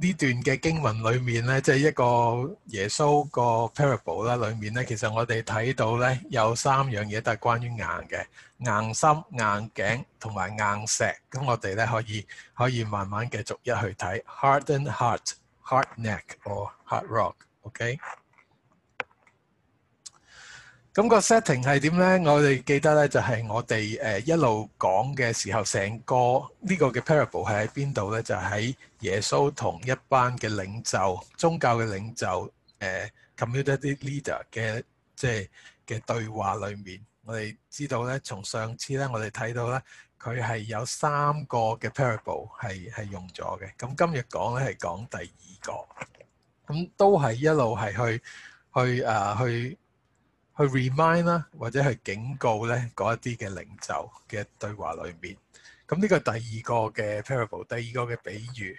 呢段嘅經文裏面咧，即係一個耶穌個 parable 啦，裏面咧其實我哋睇到咧有三樣嘢都係關於硬嘅，硬心、硬頸同埋硬石。咁我哋咧可以可以慢慢繼續一去睇，hardened heart, hard neck or hard rock，OK？咁個 setting 係點咧？我哋記得咧，就係我哋誒一路講嘅時候，成個呢個嘅 parable 係喺邊度咧？就喺耶穌同一班嘅領袖、宗教嘅領袖誒 community leader 嘅即係嘅對話裡面。我哋知道咧，從上次咧，我哋睇到咧，佢係有三個嘅 parable 係係用咗嘅。咁今日講咧係講第二個，咁都係一路係去去誒去。去 remind 啦，或者去警告咧一啲嘅領袖嘅對話裏面。咁呢個是第二個嘅 parable，第二個嘅比喻。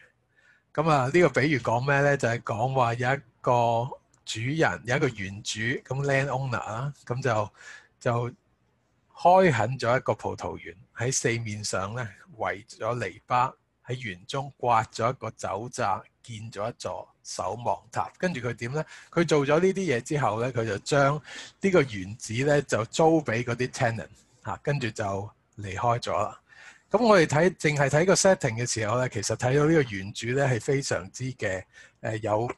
咁啊，呢個比喻講咩咧？就係講話有一個主人，有一個園主，咁 land owner 啦，咁就就開墾咗一個葡萄園，喺四面上咧圍咗籬笆，喺園中挖咗一個酒窖，建咗一座守望塔，跟住佢點呢？佢做咗呢啲嘢之後呢，佢就將呢個園子呢就租俾嗰啲 tenant、啊、跟住就離開咗啦。咁我哋睇淨係睇個 setting 嘅時候呢，其實睇到呢個園主呢係非常之嘅、呃、有，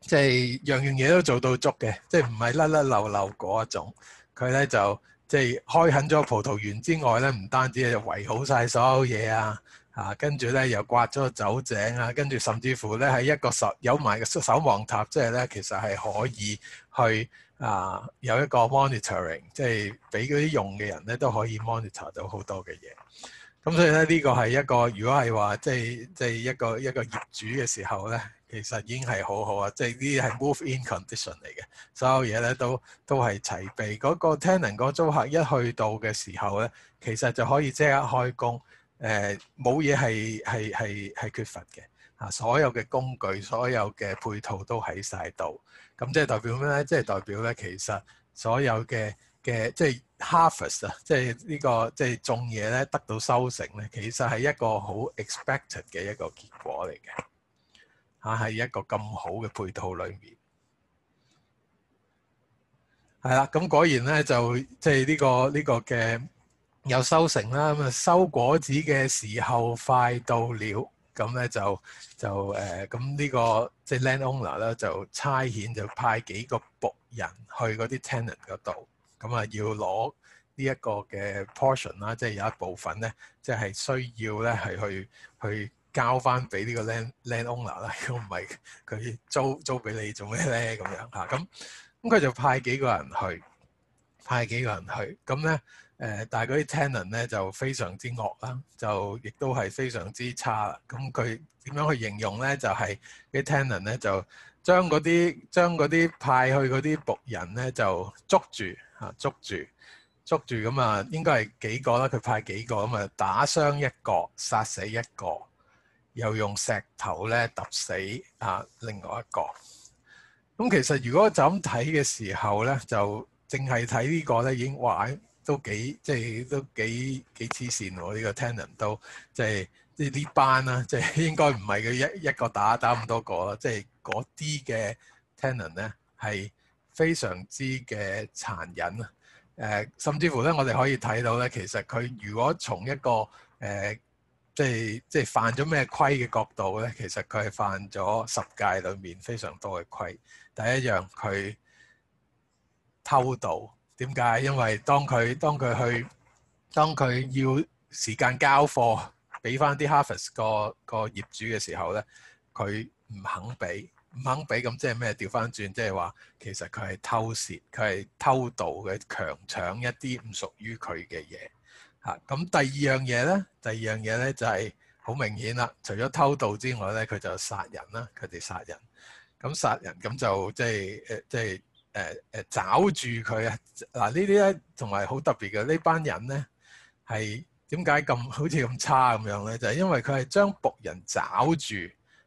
即係樣樣嘢都做到足嘅，即係唔係甩甩漏漏嗰一種。佢呢就即係、就是、開墾咗葡萄園之外呢，唔單止係圍好晒所有嘢啊！啊，跟住咧又刮咗個酒井啊，跟住甚至乎咧喺一個守有埋個守望塔，即係咧其實係可以去啊、呃、有一個 monitoring，即係俾嗰啲用嘅人咧都可以 monitor 到好多嘅嘢。咁所以咧呢、這個係一個如果係話即係即係一個一個業主嘅時候咧，其實已經係好好啊！即係呢啲係 move-in condition 嚟嘅，所有嘢咧都都係齊備。嗰、那個 tenant 嗰租客一去到嘅時候咧，其實就可以即刻開工。誒，冇嘢係係係係缺乏嘅啊！所有嘅工具、所有嘅配套都喺晒度，咁即係代表咩咧？即係代表咧，其實所有嘅嘅即係 harvest 啊，即係呢個即係種嘢咧得到收成咧，其實係一個好 expected 嘅一個結果嚟嘅吓，係一個咁好嘅配套裏面，係啦。咁果然咧就即係呢個呢個嘅。有收成啦，咁啊收果子嘅時候快到了，咁咧就就誒，咁呢個即係 land owner 啦，就差遣就派幾個僕人去嗰啲 tenant 嗰度，咁啊要攞呢一個嘅 portion 啦，即係有一部分咧，即係需要咧係去去交翻俾呢個 land land owner 啦，如果唔係佢租租俾你做咩咧？咁樣嚇，咁咁佢就派幾個人去，派幾個人去，咁咧。誒，但係嗰啲 tenant 咧就非常之惡啦，就亦都係非常之差。咁佢點樣去形容咧？就係、是、啲 tenant 咧就將嗰啲將啲派去嗰啲僕人咧就捉住啊，捉住捉住咁啊，應該係幾個啦？佢派幾個咁啊，打傷一個，殺死一個，又用石頭咧揼死啊，另外一個。咁其實如果就咁睇嘅時候咧，就淨係睇呢個咧已經壞。哇都幾即係都幾幾黐線喎！呢、這個 tenant 都即係呢啲班啦，即係應該唔係佢一一個打打咁多個啦，即係嗰啲嘅 tenant 咧係非常之嘅殘忍啊！誒、呃，甚至乎咧，我哋可以睇到咧，其實佢如果從一個誒、呃、即係即係犯咗咩規嘅角度咧，其實佢係犯咗十戒裡面非常多嘅規。第一樣佢偷盜。點解？因為當佢當佢去當佢要時間交貨，俾翻啲 harvest 個個業主嘅時候咧，佢唔肯俾，唔肯俾咁即係咩？調翻轉，即係話其實佢係偷竊，佢係偷盜嘅強搶一啲唔屬於佢嘅嘢。嚇！咁第二樣嘢咧，第二樣嘢咧就係、是、好明顯啦。除咗偷盜之外咧，佢就殺人啦。佢哋殺人，咁殺人咁就即係誒即係。就是就是誒誒，找、呃、住佢啊！嗱，呢啲咧同埋好特別嘅，呢班人咧係點解咁好似咁差咁樣咧？就係、是、因為佢係將僕人找住，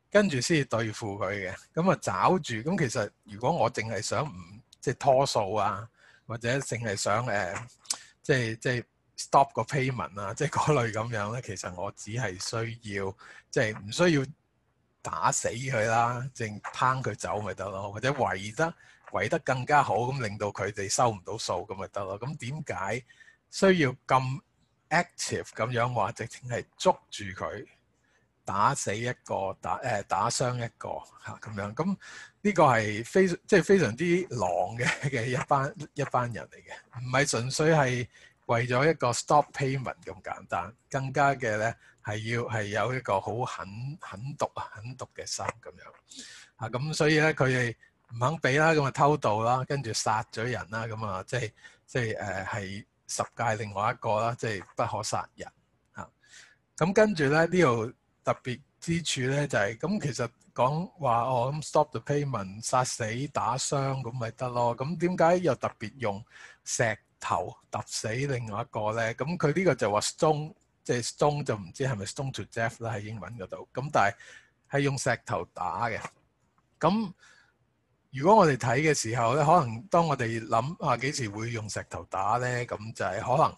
跟住先至對付佢嘅。咁、嗯、啊，找住咁、嗯、其實，如果我淨係想唔即係拖數啊，或者淨係想誒、呃，即係即係 stop 個 payment 啊，即係嗰類咁樣咧，其實我只係需要即係唔需要打死佢啦，淨拋佢走咪得咯，或者維得。維得更加好，咁令到佢哋收唔到數咁咪得咯。咁點解需要咁 active 咁樣話，直情係捉住佢，打死一個打誒打傷一個嚇咁樣？咁呢個係非即係非常之狼嘅嘅一班一班人嚟嘅，唔係純粹係為咗一個 stop payment 咁簡單，更加嘅咧係要係有一個好狠狠毒啊狠毒嘅心咁樣嚇咁，所以咧佢哋。唔肯俾啦，咁啊偷盜啦，跟住殺咗人啦，咁啊即係即係誒係十戒另外一個啦，即係不可殺人嚇。咁跟住咧呢度特別之處咧就係咁，其實講話哦咁 stop the payment，殺死打傷咁咪得咯。咁點解又特別用石頭揼死另外一個咧？咁佢呢個就話 stone，即係 stone 就唔知係咪 stone to death 啦喺英文嗰度。咁但係係用石頭打嘅咁。如果我哋睇嘅時候咧，可能當我哋諗啊幾時會用石頭打咧，咁就係可能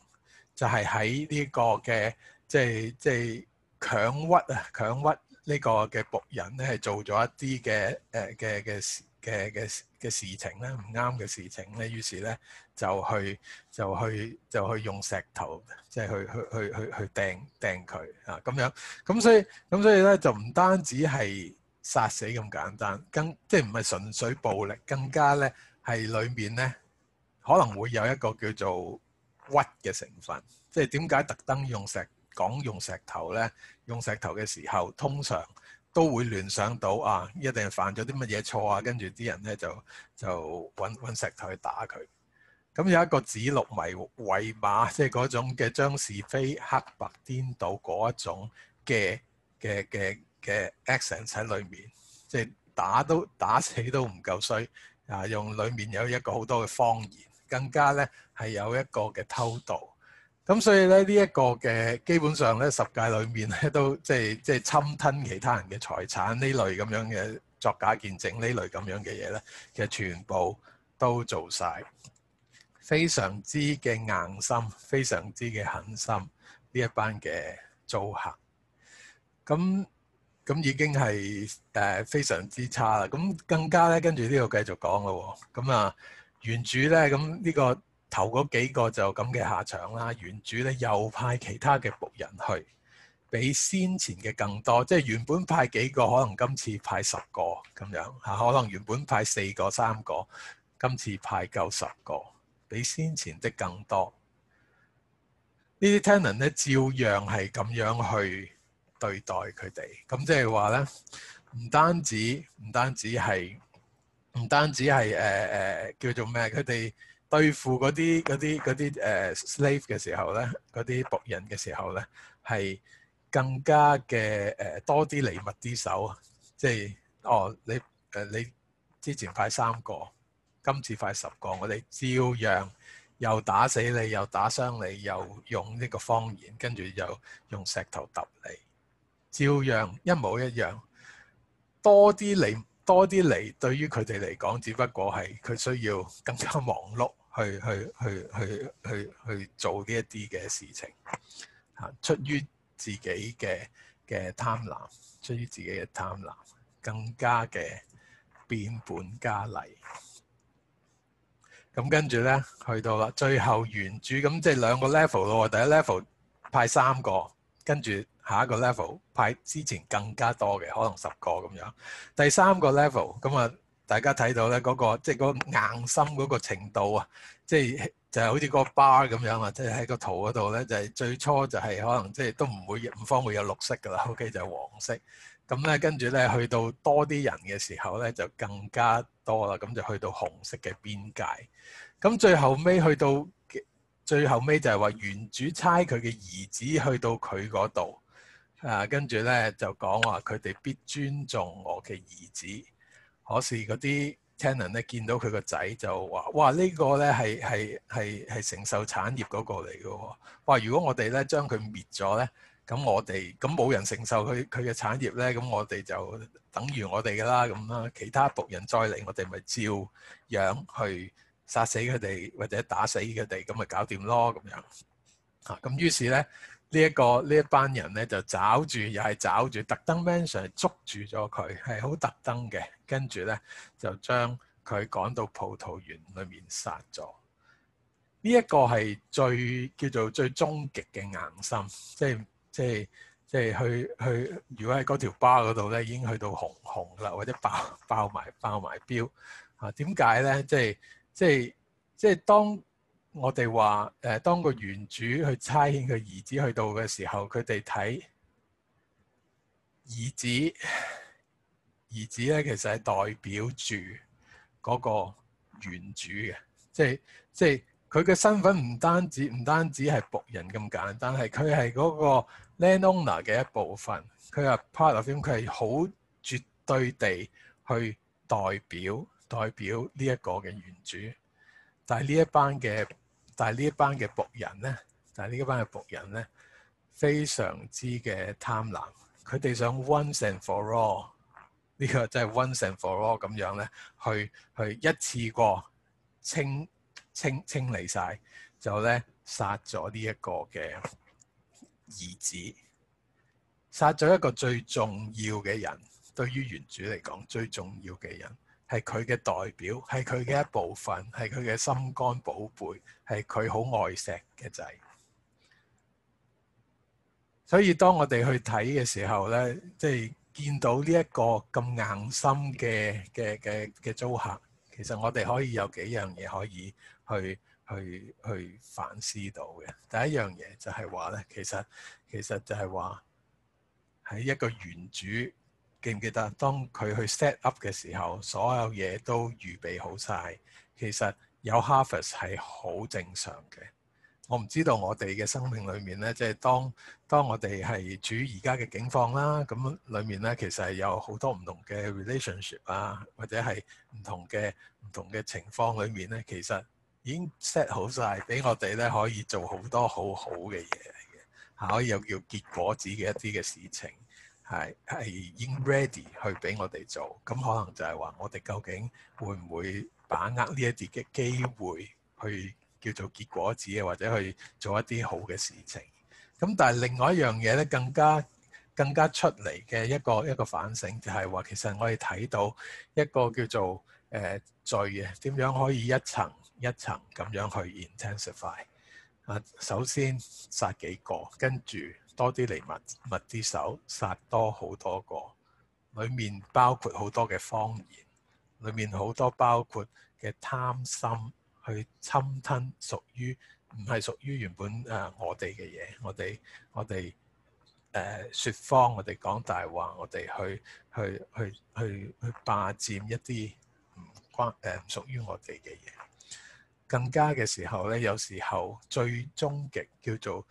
就係喺呢個嘅即係即係強屈啊強屈呢個嘅僕人咧，係做咗一啲嘅誒嘅嘅嘅嘅嘅事情咧，唔啱嘅事情咧，於是咧就去就去就去，就去用石頭即係去去去去去掟掟佢啊咁樣，咁所以咁所以咧就唔單止係。殺死咁簡單，更即係唔係純粹暴力，更加咧係裡面咧可能會有一個叫做屈嘅成分。即係點解特登用石講用石頭咧？用石頭嘅時候，通常都會聯想到啊，一定係犯咗啲乜嘢錯啊，跟住啲人咧就就揾揾石頭去打佢。咁有一個指鹿為為馬，即係嗰種嘅將是非黑白顛倒嗰一種嘅嘅嘅。嘅 accent 喺裏面，即係打都打死都唔夠衰啊！用裏面有一個好多嘅謊言，更加咧係有一個嘅偷盜，咁所以咧呢一、這個嘅基本上咧十誡裏面咧都即係即係侵吞其他人嘅財產呢類咁樣嘅作假見證呢類咁樣嘅嘢咧，其實全部都做晒，非常之嘅硬心，非常之嘅狠心呢一班嘅租客。咁咁已經係誒非常之差啦！咁更加咧，跟住呢度繼續講咯喎。咁啊，原主咧，咁呢個頭嗰幾個就咁嘅下場啦。原主咧又派其他嘅僕人去，比先前嘅更多。即係原本派幾個，可能今次派十個咁樣嚇，可能原本派四個三個，今次派夠十個，比先前的更多。這些呢啲 tenant 咧，照樣係咁樣去對待佢哋咁，即係話咧，唔單止唔單止係唔單止係誒誒叫做咩？佢哋對付嗰啲嗰啲嗰啲誒 slave 嘅時候咧，嗰啲僕人嘅時候咧，係更加嘅誒、呃、多啲禮物啲手啊！即係哦，你誒你之前派三個，今次派十個，我哋照樣又打死你，又打傷你，又用呢個方言，跟住又用石頭揼你。照樣一模一樣，多啲嚟，多啲嚟，對於佢哋嚟講，只不過係佢需要更加忙碌去，去去去去去去做呢一啲嘅事情，嚇，出於自己嘅嘅貪婪，出於自己嘅貪婪，更加嘅變本加厲。咁跟住咧，去到啦，最後原主，咁即係兩個 level 咯。第一 level 派三個，跟住。下一個 level 派之前更加多嘅，可能十個咁樣。第三個 level 咁啊，大家睇到咧、那、嗰個即係嗰硬心嗰個程度啊，即係就係、是、好似個 bar 咁樣，即係喺個圖嗰度咧，就係、是、最初就係可能即係都唔會五方會有綠色噶啦，OK 就係黃色。咁咧跟住咧去到多啲人嘅時候咧，就更加多啦，咁就去到紅色嘅邊界。咁最後尾去到最後尾就係話原主差佢嘅兒子去到佢嗰度。啊，跟住咧就講話佢哋必尊重我嘅兒子。可是嗰啲 tenant 咧見到佢個仔就話：哇！這個、呢個咧係係係係承受產業嗰個嚟嘅喎。哇！如果我哋咧將佢滅咗咧，咁我哋咁冇人承受佢佢嘅產業咧，咁我哋就等於我哋噶啦咁啦。其他僕人再嚟，我哋咪照樣去殺死佢哋或者打死佢哋，咁咪搞掂咯咁樣。啊，咁於是咧。這個、這一呢一個呢一班人咧就找住，又係找住，特登 mention 捉住咗佢，係好特登嘅。跟住咧就將佢趕到葡萄園裏面殺咗。呢、這、一個係最叫做最終極嘅硬心，即係即係即係去去。如果喺嗰條疤嗰度咧，已經去到紅紅啦，或者爆爆埋爆埋標啊？點解咧？即係即係即係當。我哋話誒，當個原主去差遣佢兒子去到嘅時候，佢哋睇兒子，兒子咧其實係代表住嗰個原主嘅，即係即係佢嘅身份唔單止唔單止係僕人咁簡單，但係佢係嗰個 land owner 嘅一部分，佢係 part of him，佢係好絕對地去代表代表呢一個嘅原主。但係呢一班嘅，但係呢一班嘅僕人咧，但係呢一班嘅僕人咧，非常之嘅貪婪，佢哋想 once and for all 呢個真係 once and for all 咁樣咧，去去一次過清清清理晒，就咧殺咗呢一個嘅兒子，殺咗一個最重要嘅人，對於原主嚟講最重要嘅人。係佢嘅代表，係佢嘅一部分，係佢嘅心肝寶貝，係佢好愛錫嘅仔。所以當我哋去睇嘅時候呢，即係見到呢一個咁硬心嘅嘅嘅嘅租客，其實我哋可以有幾樣嘢可以去去去反思到嘅。第一樣嘢就係話呢，其實其實就係話喺一個原主。記唔記得當佢去 set up 嘅時候，所有嘢都預備好晒。其實有 harvest 係好正常嘅。我唔知道我哋嘅生命裏面呢，即係當,當我哋係處於而家嘅境況啦，咁裡面呢，其實有好多唔同嘅 relationship 啊，或者係唔同嘅唔同嘅情況裏面呢，其實已經 set 好晒俾我哋呢可以做好多好好嘅嘢可以又叫結果子嘅一啲嘅事情。係係已經 ready 去俾我哋做，咁可能就係話我哋究竟會唔會把握呢一啲嘅機會去叫做結果子嘅，或者去做一啲好嘅事情。咁但係另外一樣嘢咧，更加更加出嚟嘅一個一個反省就係話，其實我哋睇到一個叫做誒、呃、罪嘅點樣可以一層一層咁樣去 intensify 啊，首先殺幾個，跟住。多啲嚟物物啲手殺多好多個，裏面包括好多嘅謊言，裏面好多包括嘅貪心去侵吞屬於唔係屬於原本誒我哋嘅嘢，我哋我哋誒説謊，我哋講大話，我哋去去去去去霸佔一啲唔關誒唔、呃、屬於我哋嘅嘢。更加嘅時候咧，有時候最終極叫做。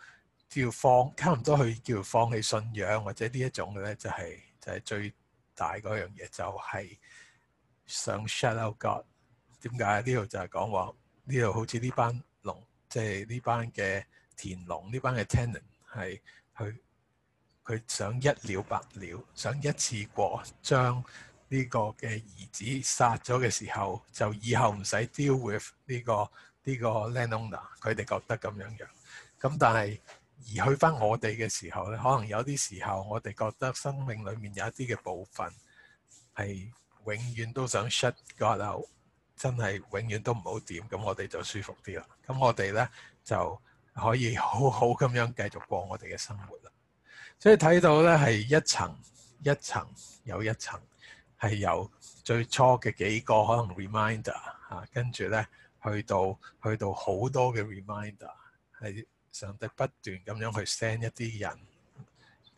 放叫放差唔多佢叫放棄信仰，或者呢一種咧就係、是、就係、是、最大嗰樣嘢，就係想 shut out God。點解呢度就係講話呢度好似呢班農，即係呢班嘅田農呢班嘅 tenant 係去佢想一了百了，想一次過將呢個嘅兒子殺咗嘅時候，就以後唔使 deal with 呢、這個呢、這個 landowner。佢哋覺得咁樣樣，咁但係，而去翻我哋嘅時候咧，可能有啲時候我哋覺得生命裏面有一啲嘅部分係永遠都想 shut God out，真係永遠都唔好掂，咁我哋就舒服啲啦。咁我哋咧就可以好好咁樣繼續過我哋嘅生活啦。所以睇到咧係一層一層有一層，係由最初嘅幾個可能 reminder 吓，跟住咧去到去到好多嘅 reminder 係上帝不斷咁樣去 send 一啲人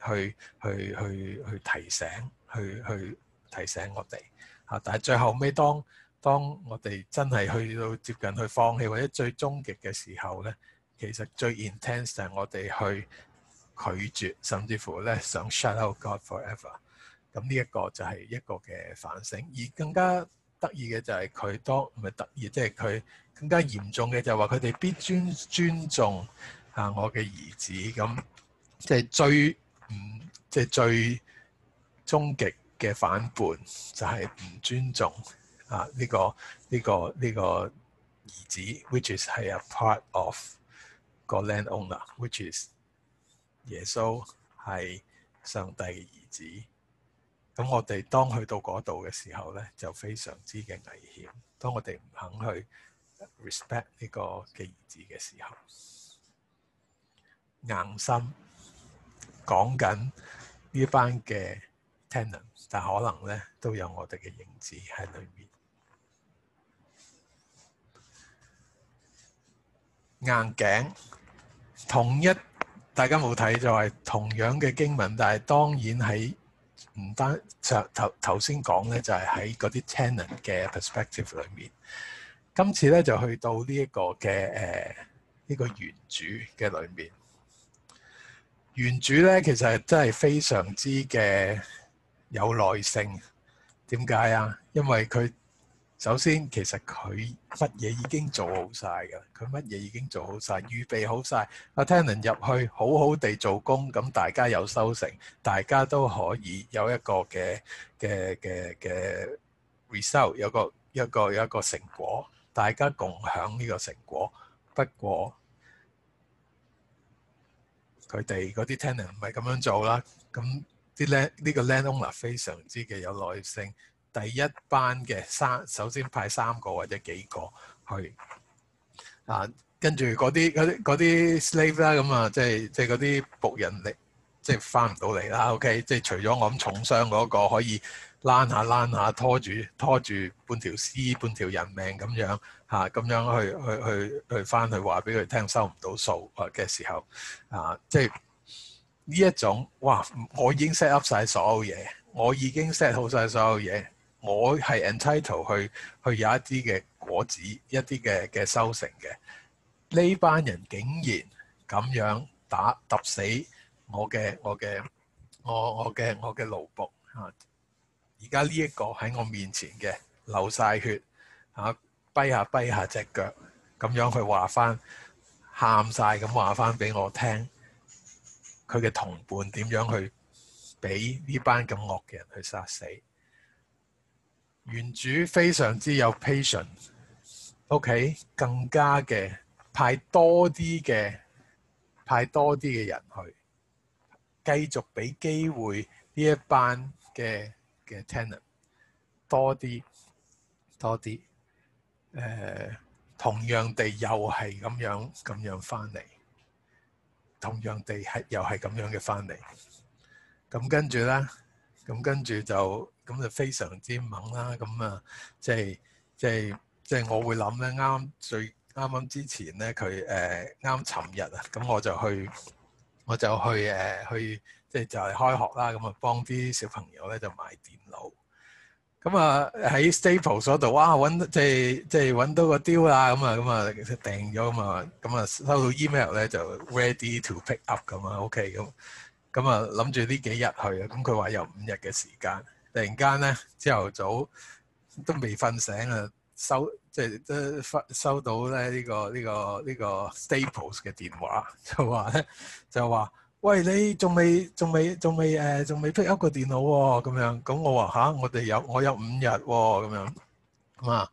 去去去去提醒，去去提醒我哋啊。但係最後尾，當當我哋真係去到接近去放棄，或者最終極嘅時候咧，其實最 intense 就係我哋去拒絕，甚至乎咧想 shut out God forever。咁呢一個就係一個嘅反省，而更加得意嘅就係佢當唔係得意，即係佢更加嚴重嘅就係話佢哋必尊尊重。啊！我嘅兒子咁，即係最唔即係最終極嘅反叛，就係唔尊重啊、呢個呢個呢個兒子。Which is 係 a part of 個 landowner。Which is 耶穌，係上帝嘅兒子。咁我哋當去到嗰度嘅時候咧，就非常之嘅危險。當我哋唔肯去 respect 呢個嘅兒子嘅時候。硬心講緊呢班嘅 tenant，但可能咧都有我哋嘅影子喺裏面。硬頸同一，大家冇睇就係同樣嘅經文，但係當然喺唔單就頭頭先講咧，就係喺嗰啲 tenant 嘅 perspective 裏面。今次咧就去到呢一個嘅誒呢個原主嘅裏面。原主咧，其實真係非常之嘅有耐性。點解啊？因為佢首先其實佢乜嘢已經做好晒㗎，佢乜嘢已經做好晒，預備好晒。啊，Tenant 入去好好地做工，咁大家有收成，大家都可以有一個嘅嘅嘅嘅 result，有一個有一個成果，大家共享呢個成果。不過，佢哋嗰啲 tenant 唔係咁樣做啦，咁啲 land 呢個 landowner 非常之嘅有耐性。第一班嘅三，首先派三個或者幾個去啊，跟住嗰啲啲啲 slave 啦，咁啊即係即係嗰啲僕人嚟，即係翻唔到嚟啦。OK，即係除咗我咁重傷嗰個可以攬下攬下拖住拖住半條屍半條人命咁樣。嚇，啊，咁樣去去去去翻去話俾佢聽收唔到數嘅時候，啊！即係呢一種哇！我已經 set up 曬所有嘢，我已經 set 好曬所有嘢，我係 entitle 去去有一啲嘅果子，一啲嘅嘅收成嘅。呢班人竟然咁樣打揼死我嘅我嘅我我嘅我嘅奴僕啊！而家呢一個喺我面前嘅流晒血啊！跛下跛下隻腳，咁樣佢話返，喊晒咁話返俾我聽。佢嘅同伴點樣去俾呢班咁惡嘅人去殺死？原主非常之有 patience，OK，、okay? 更加嘅派多啲嘅派多啲嘅人去，繼續俾機會呢一班嘅嘅 tenant 多啲多啲。多誒，同樣地又係咁樣咁樣翻嚟，同樣地係又係咁樣嘅翻嚟。咁跟住咧，咁跟住就咁就非常之猛啦。咁啊、就是，即係即係即係，就是、我會諗咧，啱最啱啱之前咧，佢誒啱尋日啊，咁我就去，我就去誒去、呃，即係就係開學啦，咁啊幫啲小朋友咧就買電腦。咁啊喺、嗯、Staples 度，哇揾即係即係揾到個 deal 啦，咁啊咁啊訂咗咁啊，咁啊收到 email 咧就 ready to pick up 咁啊，OK 咁，咁啊諗住呢幾日去啊，咁佢話有五日嘅時間，突然間咧朝頭早都未瞓醒啊，收即係都發收到咧呢、個呢、個呢、個 Staples 嘅電話，就話咧就話。喂，你仲未仲未仲未誒仲未 pick up 個電腦喎，咁樣咁我話嚇我哋有我有五日喎，咁樣啊，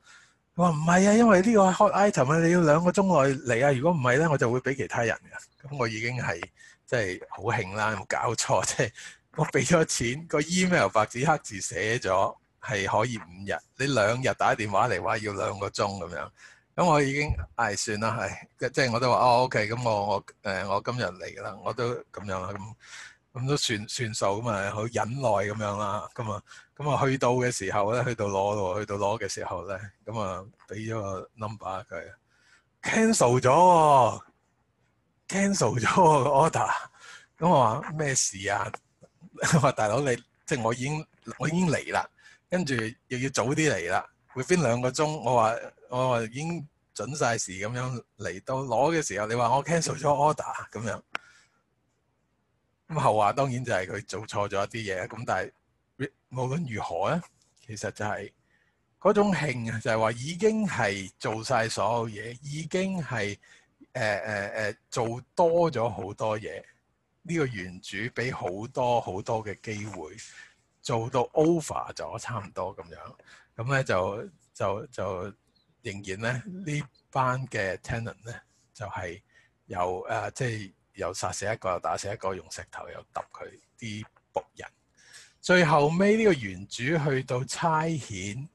我話唔係啊，因為呢個 hot item 啊，你要兩個鐘內嚟啊，如果唔係咧我就會俾其他人嘅，咁我已經係即係好慶啦，有冇搞錯即係我俾咗錢個 email 白紙黑字寫咗係可以五日，你兩日打電話嚟話要兩個鐘咁樣。咁我已經唉、哎、算啦，係、哎、即係我都話哦 OK，咁我我誒、呃、我今日嚟啦，我都咁樣啦，咁咁都算算數咁啊，好忍耐咁樣啦，咁啊咁啊去到嘅時候咧，去到攞喎，去到攞嘅時候咧，咁啊俾咗個 number 佢，cancel 咗喎，cancel 咗個 order，咁我話咩事啊？我話大佬你即係我已經我已經嚟啦，跟住又要早啲嚟啦。佢邊兩個鐘？我話我話已經準晒時咁樣嚟到攞嘅時候，你話我 cancel 咗 order 咁樣咁後，話當然就係佢做錯咗一啲嘢咁，但係無論如何咧，其實就係、是、嗰種興啊，就係話已經係做晒所有嘢，已經係誒誒誒做多咗好多嘢。呢、這個原主俾好多好多嘅機會做到 over 咗，差唔多咁樣。咁咧就就就，就仍然咧，呢班嘅 tenant 咧，就係又誒即係又殺死一個又打死一個用石頭又揼佢啲僕人。最後尾呢個園主，去到差遣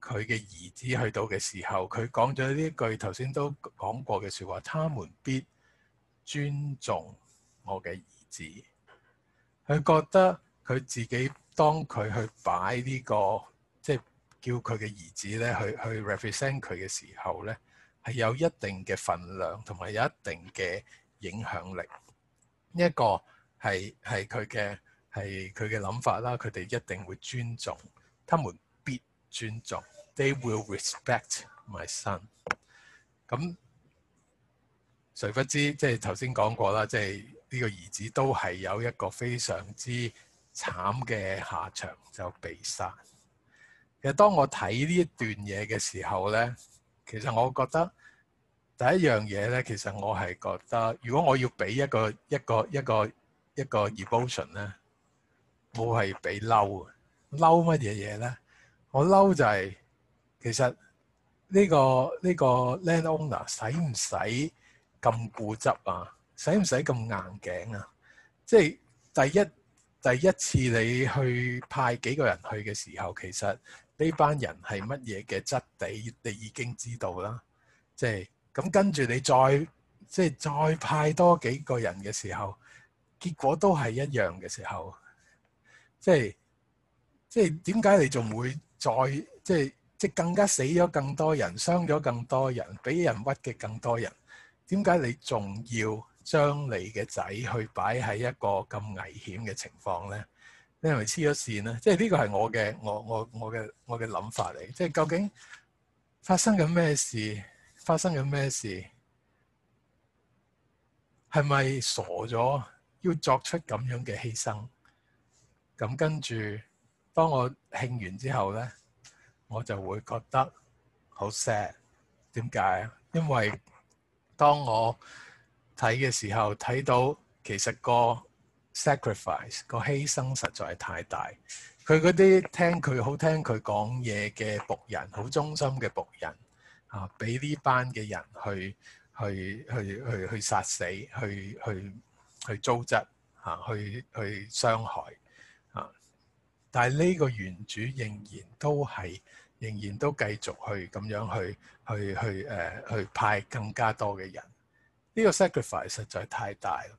佢嘅兒子去到嘅時候，佢講咗呢句頭先都講過嘅說話，他們必尊重我嘅兒子。佢覺得佢自己當佢去擺呢、這個即係。就是叫佢嘅兒子咧去去 represent 佢嘅時候咧，係有一定嘅份量同埋有一定嘅影響力。呢一個係係佢嘅係佢嘅諗法啦，佢哋一定會尊重，他們必尊重。They will respect my son。咁誰不知，即係頭先講過啦，即係呢個兒子都係有一個非常之慘嘅下場，就被殺。其實當我睇呢一段嘢嘅時候咧，其實我覺得第一樣嘢咧，其實我係覺得，如果我要俾一個一個一個一個 evolution 咧，冇係俾嬲啊！嬲乜嘢嘢咧？我嬲就係其實呢個呢個 land owner 使唔使咁固執啊？使唔使咁硬頸啊？即係第一第一次你去派幾個人去嘅時候，其實。呢班人係乜嘢嘅質地？你已經知道啦，即係咁跟住你再即係、就是、再派多幾個人嘅時候，結果都係一樣嘅時候，即係即係點解你仲會再即係即係更加死咗更多人，傷咗更多人，俾人屈嘅更多人？點解你仲要將你嘅仔去擺喺一個咁危險嘅情況咧？你係咪黐咗線咧？即係呢個係我嘅我我我嘅我嘅諗法嚟。即係究竟發生緊咩事？發生緊咩事？係咪傻咗要作出咁樣嘅犧牲？咁跟住，當我慶完之後咧，我就會覺得好 sad。點解？因為當我睇嘅時候，睇到其實個 Sacrifice 個犧牲實在太大，佢嗰啲聽佢好聽佢講嘢嘅僕人，好忠心嘅僕人啊，俾呢班嘅人去去去去去殺死、去去去糟質啊、去去傷害啊，但係呢個園主仍然都係仍然都繼續去咁樣去去去誒、呃、去派更加多嘅人，呢、這個 sacrifice 實在太大啦。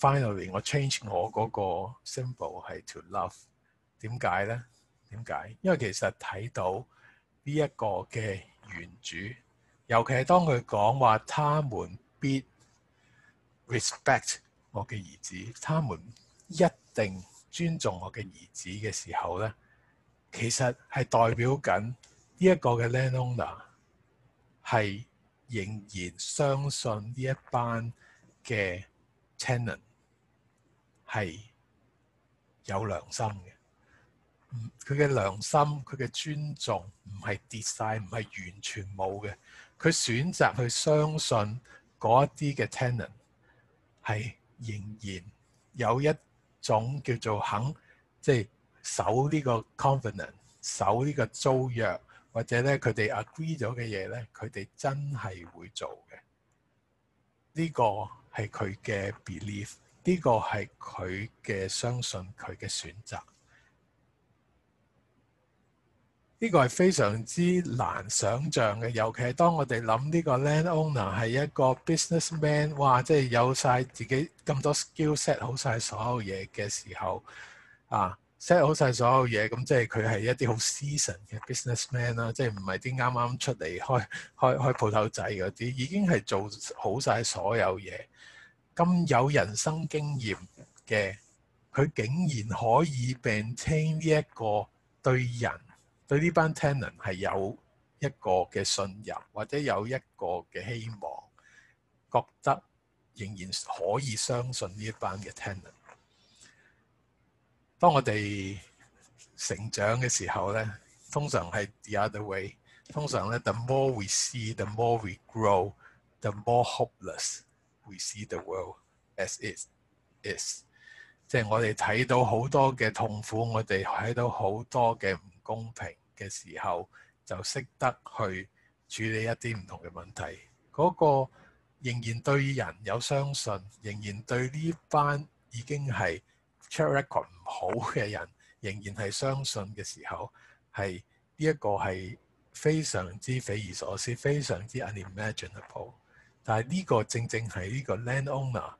Finally，我 change 我個 symbol 係 to love。點解咧？點解？因為其實睇到呢一個嘅原主，尤其係當佢講話，他們必 respect 我嘅兒子，他們一定尊重我嘅兒子嘅時候咧，其實係代表緊呢一個嘅 landowner 係仍然相信呢一班嘅 tenant。係有良心嘅，佢嘅良心，佢嘅尊重唔係跌晒，唔係完全冇嘅。佢選擇去相信嗰一啲嘅 tenant 係仍然有一種叫做肯，即係守呢個 confidence，守呢個租約，或者咧佢哋 agree 咗嘅嘢咧，佢哋真係會做嘅。呢個係佢嘅 belief。呢個係佢嘅相信的選擇，佢嘅選擇。呢個係非常之難想像嘅，尤其係當我哋諗呢個 landowner 係一個 businessman，哇！即係有晒自己咁多 skill，set 好晒所有嘢嘅時候啊，set 好晒所有嘢，咁即係佢係一啲好 season 嘅 businessman 啦，即係唔係啲啱啱出嚟開開開鋪頭仔嗰啲，已經係做好晒所有嘢。咁有人生經驗嘅，佢竟然可以 maintain 呢一個對人對呢班 tenant 係有一個嘅信任，或者有一個嘅希望，覺得仍然可以相信呢一班嘅 tenant。當我哋成長嘅時候咧，通常係 the other way，通常咧，the more we see，the more we grow，the more hopeless。We see the world as it is，即係我哋睇到好多嘅痛苦，我哋睇到好多嘅唔公平嘅時候，就識得去處理一啲唔同嘅問題。嗰個仍然對人有相信，仍然對呢班已經係 track record 唔好嘅人，仍然係相信嘅時候，係呢一個係非常之匪夷所思，非常之 unimaginable。但係呢個正正係呢個 landowner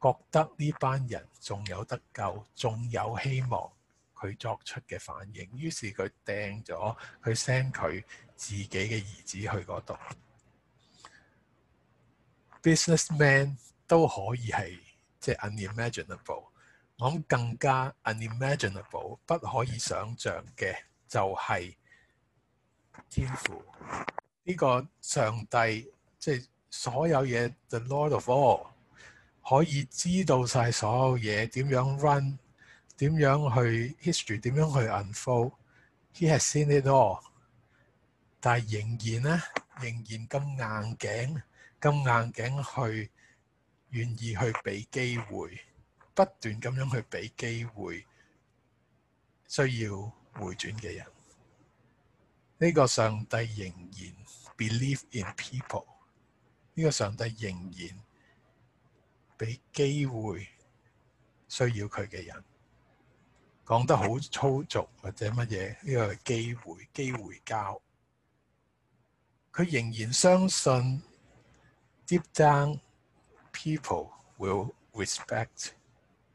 覺得呢班人仲有得救，仲有希望，佢作出嘅反應，於是佢掟咗，佢 send 佢自己嘅兒子去嗰度。Businessman 都可以係即係、就是、unimaginable，我諗更加 unimaginable，不可以想像嘅就係天父。呢、這個上帝即係。就是所有嘢，the Lord of all 可以知道晒所有嘢，點樣 run，點樣去 history，點樣去 unfold，He has seen it all。但係仍然呢，仍然咁硬頸咁硬頸去，願意去俾機會，不斷咁樣去俾機會需要回轉嘅人。呢個上帝仍然 believe in people。呢個上帝仍然俾機會需要佢嘅人，講得好粗俗或者乜嘢？呢個係機會，機會交。佢仍然相信 deep down people will respect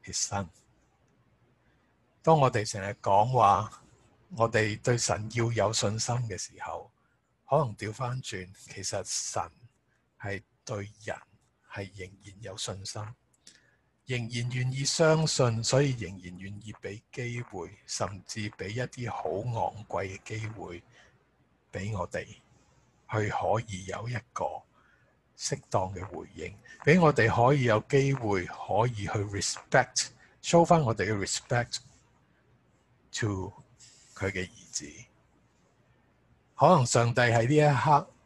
his son。當我哋成日講話，我哋對神要有信心嘅時候，可能調翻轉，其實神。係對人係仍然有信心，仍然願意相信，所以仍然願意俾機會，甚至俾一啲好昂貴嘅機會俾我哋，去可以有一個適當嘅回應，俾我哋可以有機會可以去 respect，show 翻我哋嘅 respect to 佢嘅兒子。可能上帝喺呢一刻。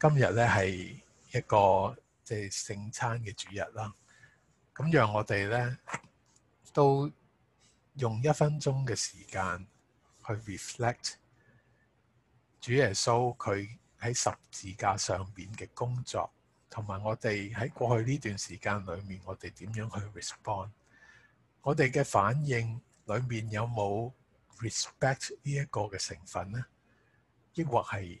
今日咧係一個即係聖餐嘅主日啦，咁讓我哋咧都用一分鐘嘅時間去 reflect 主耶穌佢喺十字架上面嘅工作，同埋我哋喺過去呢段時間裏面，我哋點樣去 respond？我哋嘅反應裏面有冇 respect 呢一個嘅成分呢？抑或係？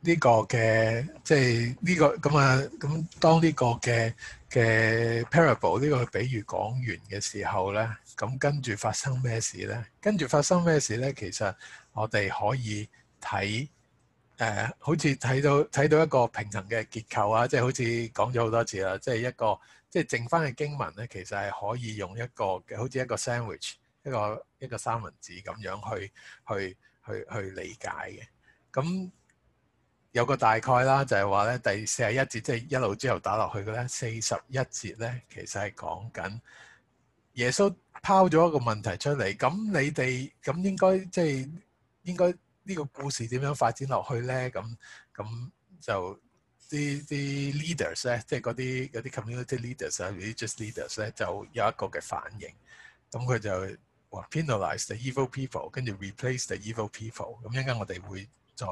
呢個嘅即係呢個咁啊，咁當呢個嘅嘅 parable 呢個比喻講完嘅時候咧，咁跟住發生咩事咧？跟住發生咩事咧？其實我哋可以睇誒、呃，好似睇到睇到一個平衡嘅結構啊！即係好似講咗好多次啦，即係一個即係剩返嘅經文咧，其實係可以用一個好似一個 sandwich 一個一個三文治咁樣去去去去理解嘅。咁有個大概啦，就係話咧，第四十一節即係一路之後打落去嘅咧，四十一節咧其實係講緊耶穌拋咗一個問題出嚟，咁你哋咁應該即係應該呢個故事點樣發展落去咧？咁咁就啲啲 leaders 咧，即係嗰啲啲 community leaders 啊、mm hmm.，religious leaders 咧，就有一個嘅反應，咁佢就話 penalize the evil people，跟住 replace the evil people，咁一陣間我哋會。再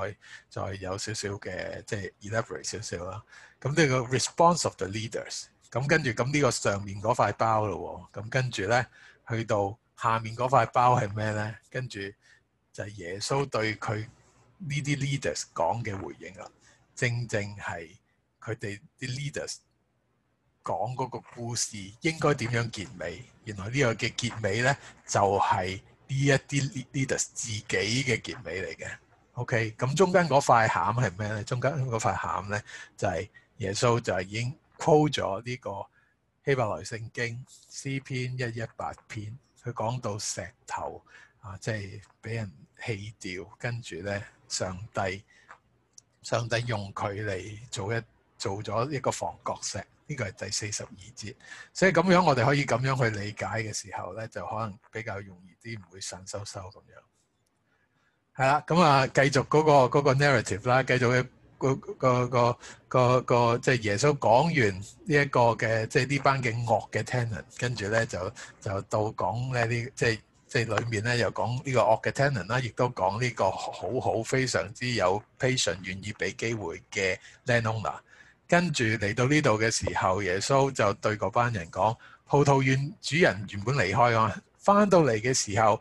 再有少少嘅，即係 elaborate 少少啦。咁呢個 response of the leaders，咁跟住咁呢個上面嗰塊包咯。咁跟住咧，去到下面嗰塊包係咩咧？跟住就係耶穌對佢呢啲 leaders 講嘅回應啦。正正係佢哋啲 leaders 講嗰個故事應該點樣結尾。原來呢個嘅結尾咧，就係呢一啲 leaders 自己嘅結尾嚟嘅。O.K. 咁中間嗰塊餡係咩咧？中間嗰塊餡咧，就係耶穌就係已經 quote 咗呢個希伯來聖經詩篇一一八篇。佢講到石頭啊，即係俾人棄掉，跟住咧，上帝上帝用佢嚟做一做咗一個房角石，呢個係第四十二節。所以咁樣我哋可以咁樣去理解嘅時候咧，就可能比較容易啲，唔會散收收咁樣。係啦，咁啊、嗯，繼續嗰個嗰個 narrative 啦，繼續嘅嗰嗰嗰嗰即係耶穌講完呢一個嘅，即係呢班嘅惡嘅 tenant，跟住咧就就到講呢啲，即係即係裡面咧又講呢個惡嘅 tenant 啦，亦都講呢個好好非常之有 patient 願意俾機會嘅 landowner，跟住嚟到呢度嘅時候，耶穌就對嗰班人講葡萄園主人原本離開啊嘛，翻到嚟嘅時候。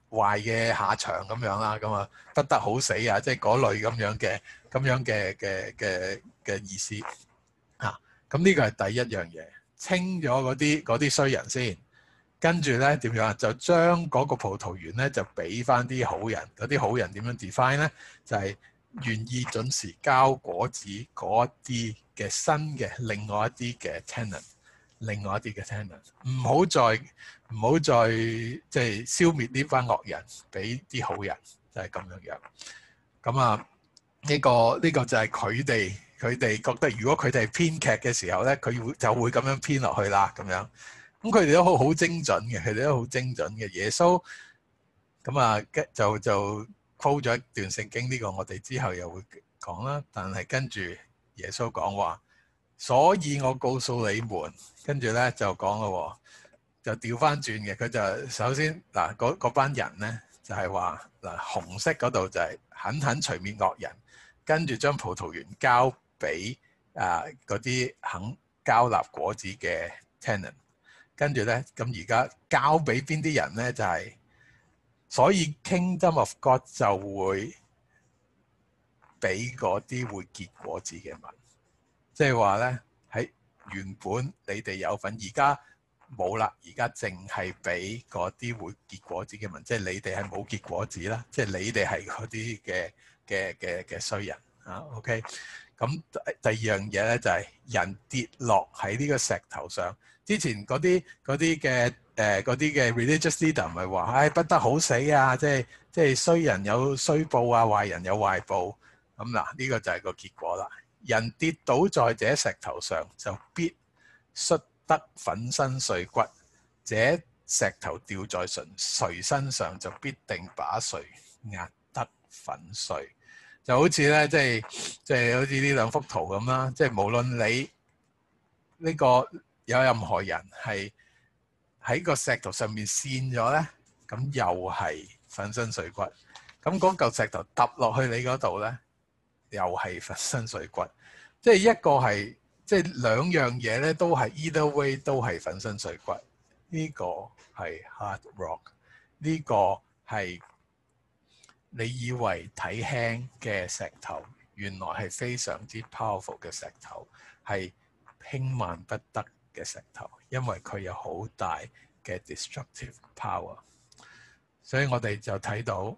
壞嘅下場咁樣啦，咁啊不得好死啊，即係嗰類咁樣嘅咁樣嘅嘅嘅嘅意思啊。咁呢個係第一樣嘢，清咗嗰啲啲衰人先，跟住咧點樣啊？就將嗰個葡萄園咧就俾翻啲好人，嗰啲好人點樣 define 咧？就係願意準時交果子嗰一啲嘅新嘅另外一啲嘅 tenant。另外一啲嘅 statement 唔好再唔好再即係、就是、消滅呢班惡人、人，俾啲好人就係咁樣樣。咁啊呢、這個呢、這個就係佢哋佢哋覺得，如果佢哋係編劇嘅時候咧，佢會就會咁樣編落去啦。咁樣咁佢哋都好好精準嘅，佢哋都好精準嘅。耶穌咁啊，就就 quote 咗一段聖經，呢、這個我哋之後又會講啦。但係跟住耶穌講話。所以我告訴你們，跟住咧就講咯，就調翻轉嘅。佢就首先嗱，嗰班人咧就係話嗱，紅色嗰度就係狠狠除滅惡人，跟住將葡萄園交俾啊嗰啲肯交納果子嘅 tenant。跟住咧咁而家交俾邊啲人咧就係、是，所以 kingdom of God 就會俾嗰啲會結果子嘅民。即係話咧，喺原本你哋有份，而家冇啦。而家淨係俾嗰啲會結果子嘅人，即係你哋係冇結果子啦。即係你哋係嗰啲嘅嘅嘅嘅衰人啊。OK，咁第二樣嘢咧就係、是、人跌落喺呢個石頭上。之前嗰啲啲嘅誒啲嘅、呃、religious leader 咪話，唉、哎，不得好死啊！即係即係衰人有衰報啊，壞人有壞報。咁嗱，呢、這個就係個結果啦。人跌倒在這石頭上，就必摔得粉身碎骨；這石頭掉在誰誰身上，就必定把誰壓得粉碎。就好似咧，即係即係，好似呢兩幅圖咁啦。即係無論你呢個有任何人係喺個石頭上面跣咗咧，咁又係粉身碎骨。咁嗰嚿石頭揼落去你嗰度咧？又係粉身碎骨，即係一個係，即係兩樣嘢咧，都係 either way 都係粉身碎骨。呢個係 hard rock，呢個係你以為睇輕嘅石頭，原來係非常之 powerful 嘅石頭，係輕慢不得嘅石頭，因為佢有好大嘅 destructive power。所以我哋就睇到。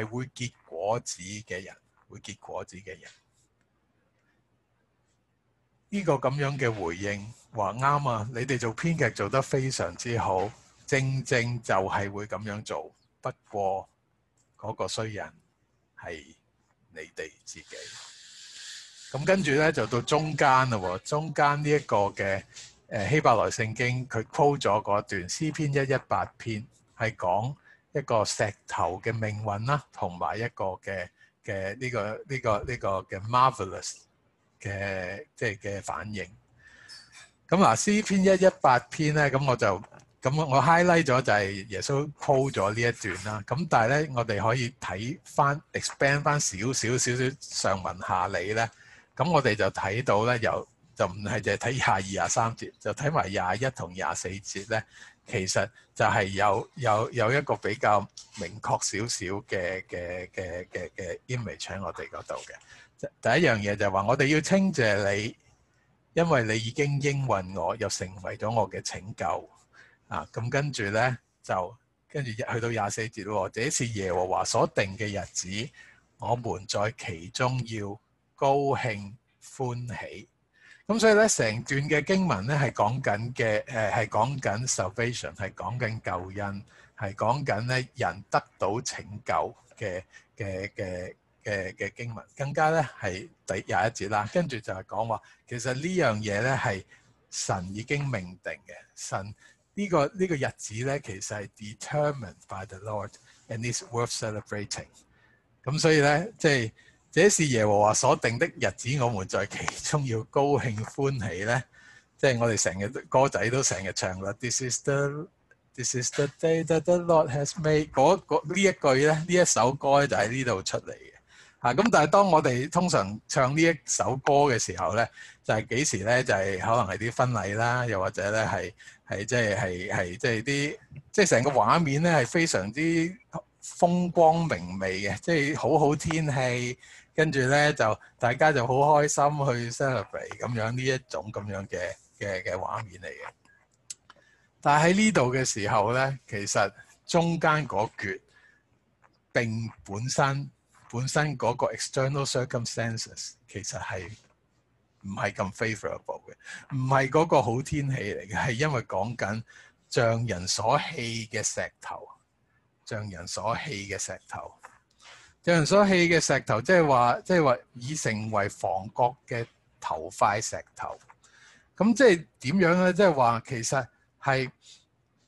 係會結果子嘅人，會結果子嘅人。呢個咁樣嘅回應，話啱啊！你哋做編劇做得非常之好，正正就係會咁樣做。不過嗰個衰人係你哋自己。咁跟住呢，就到中間啦，中間呢一個嘅誒希伯來聖經，佢鋪咗嗰段詩篇一一八篇，係講。一個石頭嘅命運啦，同埋一個嘅嘅呢個呢個呢個嘅 marvelous 嘅即係嘅反應。咁嗱，詩篇一一八篇咧，咁我就咁我 highlight 咗就係耶穌 quote 咗呢一段啦。咁但係咧，我哋可以睇翻 expand 翻少少少少上文下理咧。咁我哋就睇到咧，又就唔係淨係睇廿二廿三節，就睇埋廿一同廿四節咧。其實就係有有有一個比較明確少少嘅嘅嘅嘅嘅 image 喺我哋嗰度嘅，第一樣嘢就係話我哋要稱謝你，因為你已經應允我，又成為咗我嘅拯救啊！咁跟住咧就跟住去到廿四節，這是耶和華所定嘅日子，我們在其中要高興歡喜。咁所以咧，成段嘅經文咧係講緊嘅，誒係講緊 salvation，係講緊救恩，係講緊咧人得到拯救嘅嘅嘅嘅嘅經文。更加咧係第廿一節啦，跟住就係講話，其實呢樣嘢咧係神已經命定嘅，神呢、呢個呢、呢個日子咧其實係 determined by the Lord and it's worth celebrating。咁所以咧，即係。這是耶和華所定的日子，我們在其中要高興歡喜咧。即係我哋成日歌仔都成日唱啦。This is the, this is the day that the Lord has made。嗰個呢一句咧，呢一首歌咧就喺呢度出嚟嘅。嚇，咁但係當我哋通常唱呢一首歌嘅時候咧，就係幾時咧？就係可能係啲婚禮啦，又或者咧係係即係係係即係啲即係成個畫面咧係非常之風光明媚嘅，即係好好天氣。跟住咧就大家就好開心去 celebrate，咁樣呢一種咁樣嘅嘅嘅畫面嚟嘅。但喺呢度嘅時候咧，其實中間嗰橛並本身本身嗰個 external circumstances 其實係唔係咁 favorable 嘅，唔係嗰個好天氣嚟嘅，係因為講緊像人所棄嘅石頭，像人所棄嘅石頭。匠人所棄嘅石頭，即係話，即係話，已成為房角嘅頭塊石頭。咁即係點樣咧？即係話其實係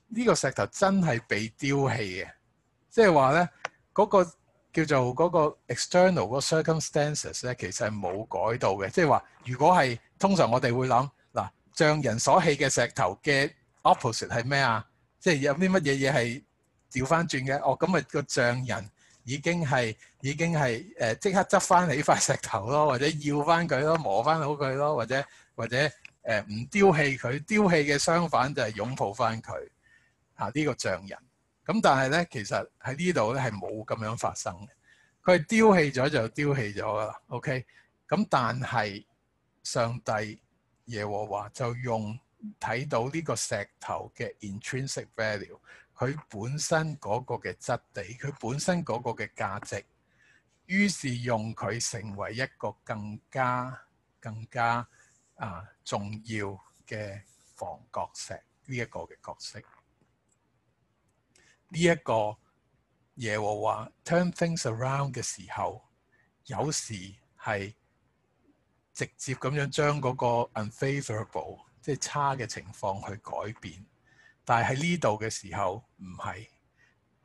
呢個石頭真係被丟棄嘅。即係話咧，嗰、嗰個叫做嗰個 external 嗰 circumstances 咧，其實係冇改到嘅。即係話，如果係通常我哋會諗嗱，匠人所棄嘅石頭嘅 opposite 係咩啊？即係有啲乜嘢嘢係掉翻轉嘅？哦，咁咪個匠人。已經係已經係誒即刻執翻起塊石頭咯，或者要翻佢咯，磨翻好佢咯，或者或者誒唔、呃、丟棄佢，丟棄嘅相反就係擁抱翻佢。嚇、啊、呢、這個匠人咁，但係咧其實喺呢度咧係冇咁樣發生嘅。佢丟棄咗就丟棄咗啦。OK，咁但係上帝耶和華就用睇到呢個石頭嘅 intrinsic value。佢本身嗰個嘅質地，佢本身嗰個嘅價值，於是用佢成為一個更加更加啊重要嘅房角石呢一個嘅角色。呢、這、一個耶和華 turn things around 嘅時候，有時係直接咁樣將嗰個 unfavorable，即係差嘅情況去改變。但喺呢度嘅時候唔係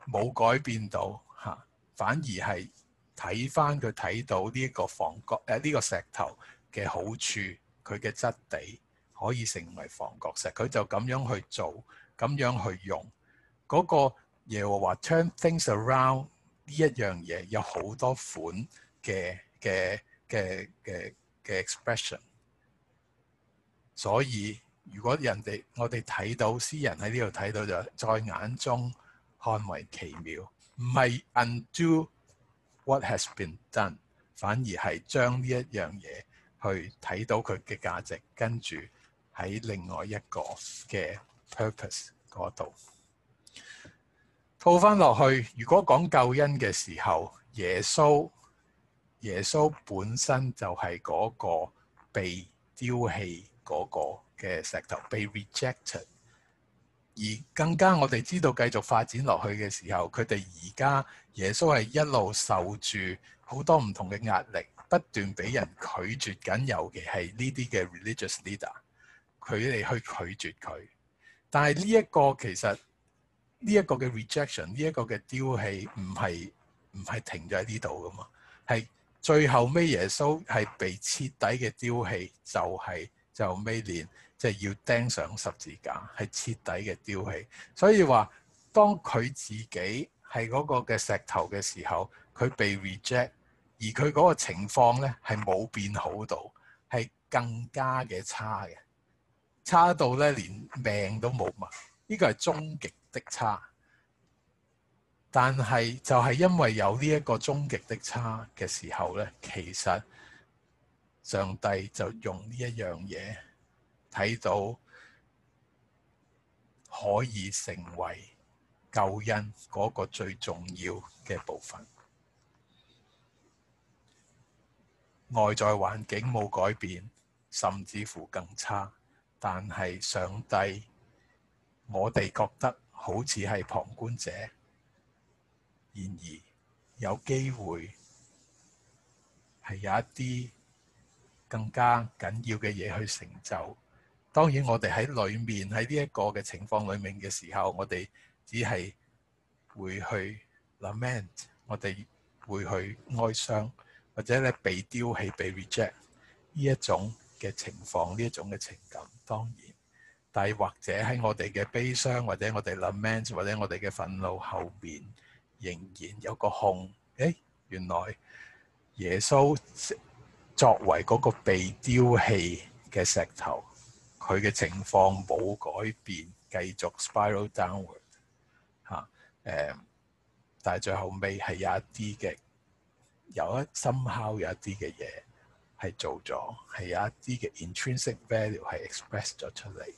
冇改變到嚇，反而係睇翻佢睇到呢一個房角誒，呢個石頭嘅好處，佢嘅質地可以成為房角石，佢就咁樣去做，咁樣去用嗰，那個耶和華 turn things around 呢一樣嘢有好多款嘅嘅嘅嘅嘅 expression，所以。如果人哋我哋睇到，詩人喺呢度睇到就，在眼中看為奇妙，唔係 undo what has been done，反而係將呢一樣嘢去睇到佢嘅價值，跟住喺另外一個嘅 purpose 度套翻落去。如果講救恩嘅時候，耶穌耶穌本身就係嗰個被丟棄。嗰個嘅石頭被 rejected，而更加我哋知道繼續發展落去嘅時候，佢哋而家耶穌係一路受住好多唔同嘅壓力，不斷俾人拒絕緊，尤其係呢啲嘅 religious leader，佢哋去拒絕佢。但係呢一個其實呢一個嘅 rejection，呢一個嘅丟棄唔係，唔係停咗喺呢度噶嘛，係最後尾耶穌係被徹底嘅丟棄，就係、是。就尾年即係要釘上十字架，係徹底嘅丟棄。所以話，當佢自己係嗰個嘅石頭嘅時候，佢被 reject，而佢嗰個情況呢，係冇變好到，係更加嘅差嘅，差到呢，連命都冇埋。呢個係終極的差。但係就係因為有呢一個終極的差嘅時候呢，其實。上帝就用呢一樣嘢睇到可以成為救恩嗰個最重要嘅部分。外在環境冇改變，甚至乎更差，但係上帝，我哋覺得好似係旁觀者。然而，有機會係有一啲。更加緊要嘅嘢去成就。當然，我哋喺裡面喺呢一個嘅情況裡面嘅時候，我哋只係會去 lament，我哋會去哀傷，或者咧被丟棄、被 reject 呢一種嘅情況，呢一種嘅情感。當然，但係或者喺我哋嘅悲傷，或者我哋 lament，或者我哋嘅憤怒後面，仍然有個空。誒，原來耶穌。作為嗰個被丟棄嘅石頭，佢嘅情況冇改變，繼續 spiral downward 嚇、啊、誒。但係最後尾係有一啲嘅，有一 somehow 有一啲嘅嘢係做咗，係有一啲嘅 intrinsic value 係 express 咗出嚟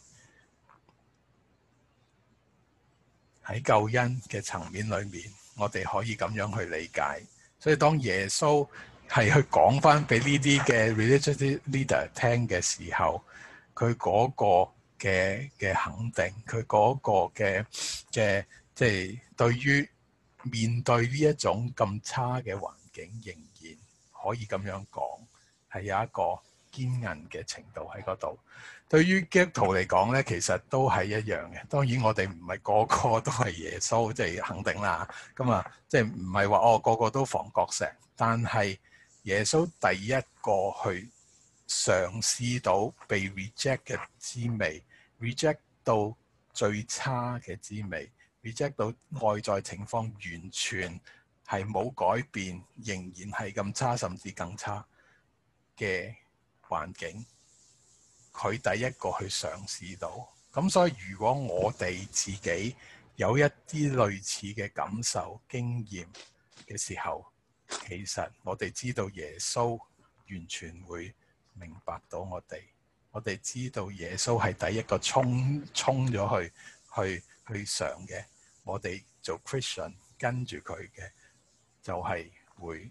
喺救恩嘅層面裏面，我哋可以咁樣去理解。所以當耶穌係去講翻俾呢啲嘅 religious leader 聽嘅時候，佢嗰個嘅嘅肯定，佢嗰個嘅嘅即係對於面對呢一種咁差嘅環境，仍然可以咁樣講，係有一個堅韌嘅程度喺嗰度。對於基督徒嚟講咧，其實都係一樣嘅。當然我哋唔係個個都係耶穌，即係肯定啦。咁啊，即係唔係話哦個個都房角石，但係。耶穌第一個去嘗試到被 reject 嘅滋味，reject 到最差嘅滋味，reject 到外在情況完全係冇改變，仍然係咁差，甚至更差嘅環境。佢第一個去嘗試到，咁所以如果我哋自己有一啲類似嘅感受經驗嘅時候，其實我哋知道耶穌完全會明白到我哋，我哋知道耶穌係第一個衝衝咗去去去上嘅，我哋做 Christian 跟住佢嘅，就係會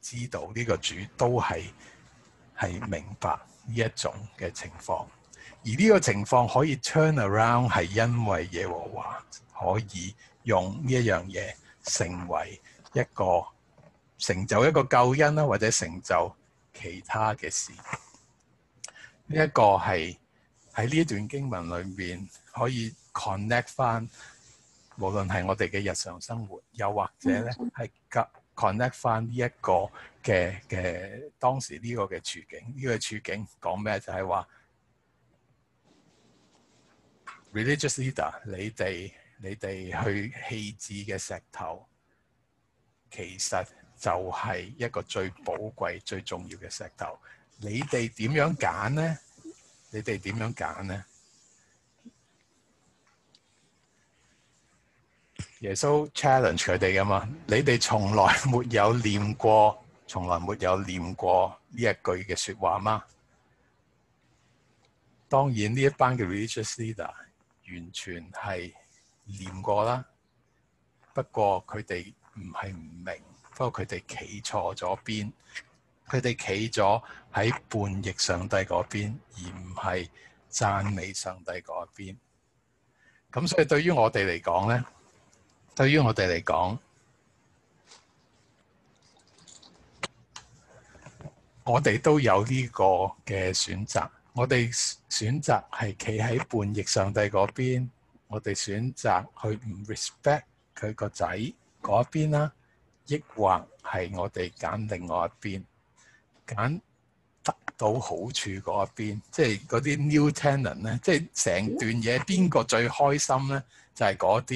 知道呢個主都係係明白呢一種嘅情況，而呢個情況可以 turn around 係因為耶和華可以用呢一樣嘢成為。一個成就一個救恩啦，或者成就其他嘅事。呢一個係喺呢一段經文裏面可以 connect 翻無論係我哋嘅日常生活，又或者咧係 connect 翻呢一個嘅嘅當時呢個嘅處境。呢個處境講咩？就係話 religious leader，你哋你哋去棄置嘅石頭。其實就係一個最寶貴、最重要嘅石頭。你哋點樣揀呢？你哋點樣揀呢？耶穌 challenge 佢哋㗎嘛？你哋從來沒有念過，從來沒有念過呢一句嘅説話嗎？當然，呢一班嘅 religious leader 完全係念過啦。不過佢哋。唔係唔明，不過佢哋企錯咗邊。佢哋企咗喺叛逆上帝嗰邊，而唔係讚美上帝嗰邊。咁所以對於我哋嚟講呢，對於我哋嚟講，我哋都有呢個嘅選擇。我哋選擇係企喺叛逆上帝嗰邊，我哋選擇去唔 respect 佢個仔。嗰邊啦，抑或係我哋揀另外一邊揀得到好處嗰邊，即係嗰啲 new tenant 咧，即係成段嘢邊個最開心咧？就係嗰啲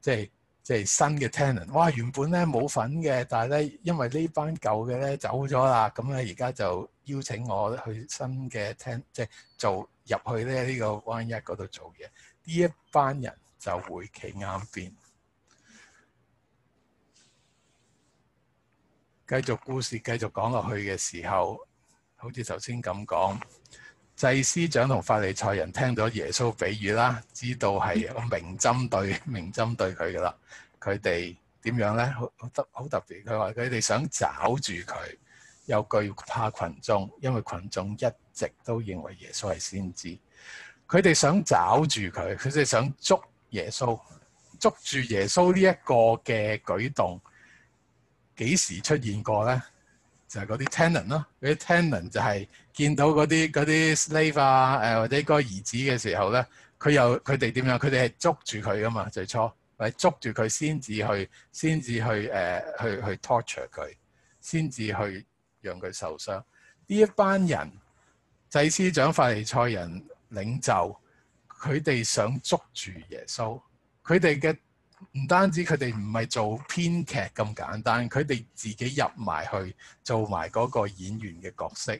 即係即係新嘅 tenant。哇！原本咧冇份嘅，但係咧因為呢班舊嘅咧走咗啦，咁咧而家就邀請我去新嘅 ten 即係做入去咧呢個 one one 嗰度做嘢。呢一班人就會企啱邊。繼續故事繼續講落去嘅時候，好似頭先咁講，祭司長同法利賽人聽到耶穌的比喻啦，知道係一個明針對明針對佢噶啦。佢哋點樣呢？好好特好特別。佢話佢哋想找住佢，又懼怕群眾，因為群眾一直都認為耶穌係先知。佢哋想找住佢，佢哋想捉耶穌，捉住耶穌呢一個嘅舉動。幾時出現過咧？就係嗰啲 tenant 咯，嗰啲 tenant 就係見到嗰啲啲 slave 啊，誒或者那個兒子嘅時候咧，佢又佢哋點樣？佢哋係捉住佢噶嘛？最初，係捉住佢先至去，先至去誒、呃，去去 torture 佢，先至去讓佢受傷。呢一班人，祭司長、法利賽人、領袖，佢哋想捉住耶穌，佢哋嘅。唔單止佢哋唔係做編劇咁簡單，佢哋自己入埋去做埋嗰個演員嘅角色。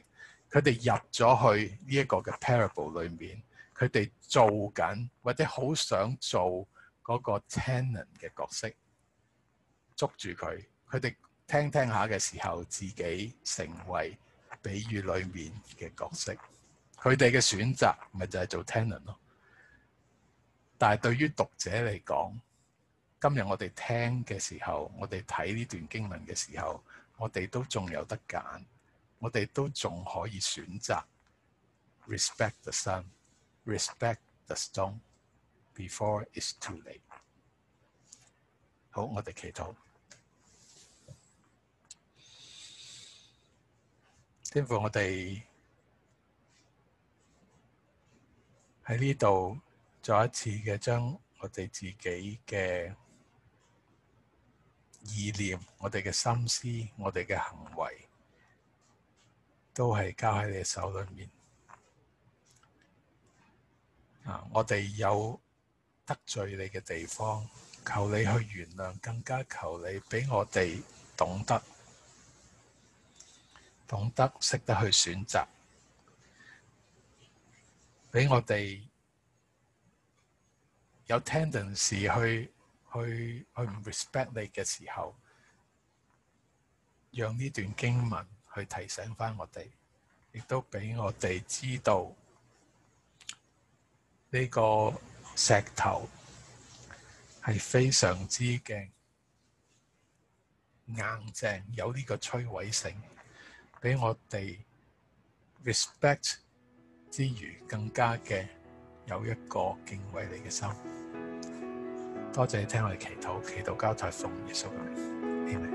佢哋入咗去呢一個嘅 parable 裏面，佢哋做緊或者好想做嗰個 tenant 嘅角色，捉住佢。佢哋聽聽下嘅時候，自己成為比喻裏面嘅角色。佢哋嘅選擇咪就係做 tenant 咯。但係對於讀者嚟講，今日我哋聽嘅時候，我哋睇呢段經文嘅時候，我哋都仲有得揀，我哋都仲可以選擇 respect the sun，respect the stone before it's too late。好，我哋祈禱。天父，我哋喺呢度再一次嘅，將我哋自己嘅。意念，我哋嘅心思，我哋嘅行為，都係交喺你手裏面。我哋有得罪你嘅地方，求你去原諒，更加求你俾我哋懂得，懂得識得去選擇，俾我哋有 tendency 去。去去唔 respect 你嘅時候，讓呢段經文去提醒返我哋，亦都俾我哋知道呢個石頭係非常之勁硬淨，有呢個摧毀性，俾我哋 respect 之餘更加嘅有一個敬畏你嘅心。多謝你聽我哋祈禱，祈禱交代奉耶穌嘅名，阿們。